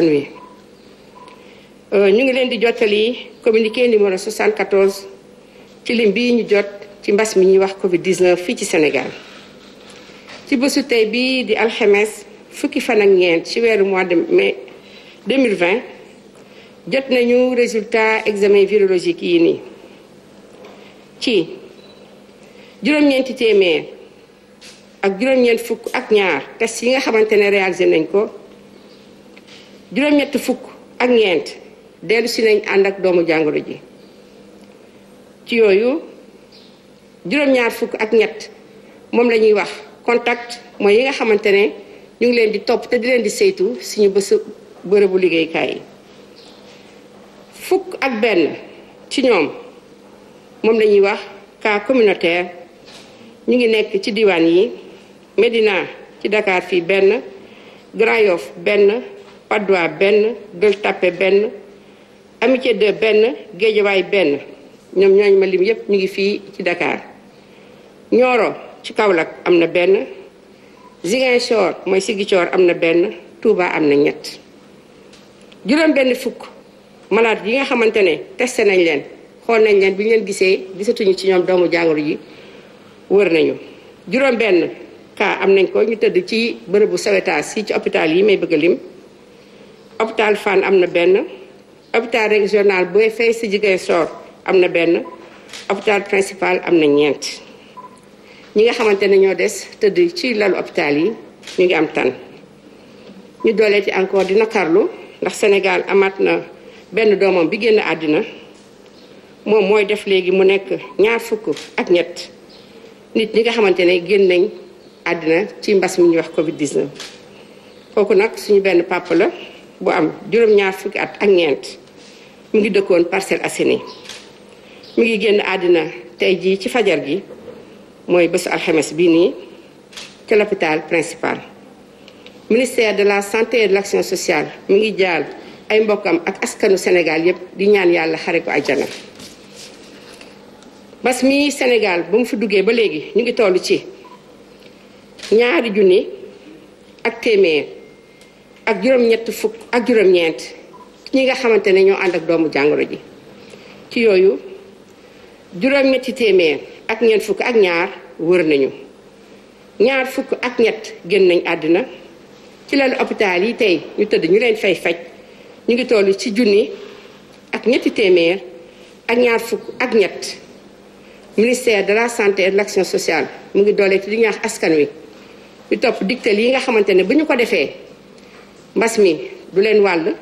askan euh, ñu ngi leen di jottali communiqué numéro 74 ci lim bii ñu jot ci mbas mi ñuy wax Covid fii ci senegal ci bësu tey bii di alxemes fukki fan ak ñeent ci weeru mois de mai 2020 jot nañu résultat examen virologique yi nii ci juróom-ñeenti téeméer ak juróom-ñeent fukk ak ñaar test yi nga xamante ne réalisé nañ ko. juróom-ñetti fukk ak ñeent dellusi si nañ ànd ak doomu jàngoro ji ci yooyu juróom-ñaar fukk ak ñett moom lañuy wax contact mooy yi nga xamante ne ñu ngi leen di topp te di leen di saytu suñu bës bërëbu liggéeykaay yi fukk ak benn ci ñoom moom la ñuy wax cas communautaire ñu ngi nekk ci diwaan yi medina ci ndakaar fii benn Grand Yoff benn Patte d'Oie benn Gueule Tapée benn Amitié 2 benn Guédiawaye benn ñoom ñooñ ma lim yépp ñu ngi fii ci Dakar ñooro ci Kaolack am na benn Ziguinchor mooy Ziguinchor am na benn Touba am na ñett juróom benn fukk malaat yi nga xamante ne testé nañ leen xool nañ leen bi ñu leen gisee gisatuñu ci ñoom doomu jàngoro yi wër nañu juróom benn cas am nañ ko ñu tëdd ci bërëbu sawetaas yi ci hôpital yi may bëgg lim hôpital Fann am na benn hôpital régional booy fay si jigéen soor am na benn hôpital principal am na ñeent ñi nga xamante ne ñoo des tëdd ci lalu hôpital yi ñu ngi am tan ñu doolee ci encore dina karlu ndax Sénégal amaat na benn doomam bi génn àddina moom mooy def léegi mu nekk ñaar fukk ak ñett nit ñi nga xamante ne génn nañ àddina ci mbas mi ñuy wax Covid kooku nag suñu benn papa la bu am juróom-ñaar fukki at ak ñeent mu ngi dëkkoon Parcelles Assainies mu ngi génn àddina tey jii ci fajar gi mooy bés alxames bii nii ci l'hôpital principal. ministère de la santé et de l'action sociale mi ngi jaal ay mbokkam ak askanu Sénégal yépp di ñaan yàlla xare ko àjjana. bas mi Sénégal ba mu fi duggee ba léegi ñu ngi tollu ci ñaari junni ak téeméer. ak juróom-ñett fukk ak juróom-ñeent ñi nga xamante ne ñoo ànd ak doomu jàngoro ji ci yooyu juróom-ñetti téeméer ak ñeent fukk ak ñaar wër nañu ñaar fukk ak ñett génn nañ àddina ci lalu hôpital yi tey ñu tëdd ñu leen fay faj ñu ngi tollu ci junni ak ñetti téeméer ak ñaar fukk ak ñett ministère de la santé et de l'action sociale mu ngi doole ci li ñuy wax askan wi ñu topp digtal yi nga xamante ne bu ñu ko defee mbas mi du leen wàll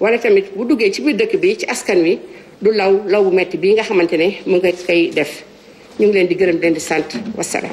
wala tamit bu duggee ci biir dëkk bi ci askan wi du law law bu metti bii nga xamante ne mu nga koy def ñu ngi leen di gërëm leen di sant wasalaam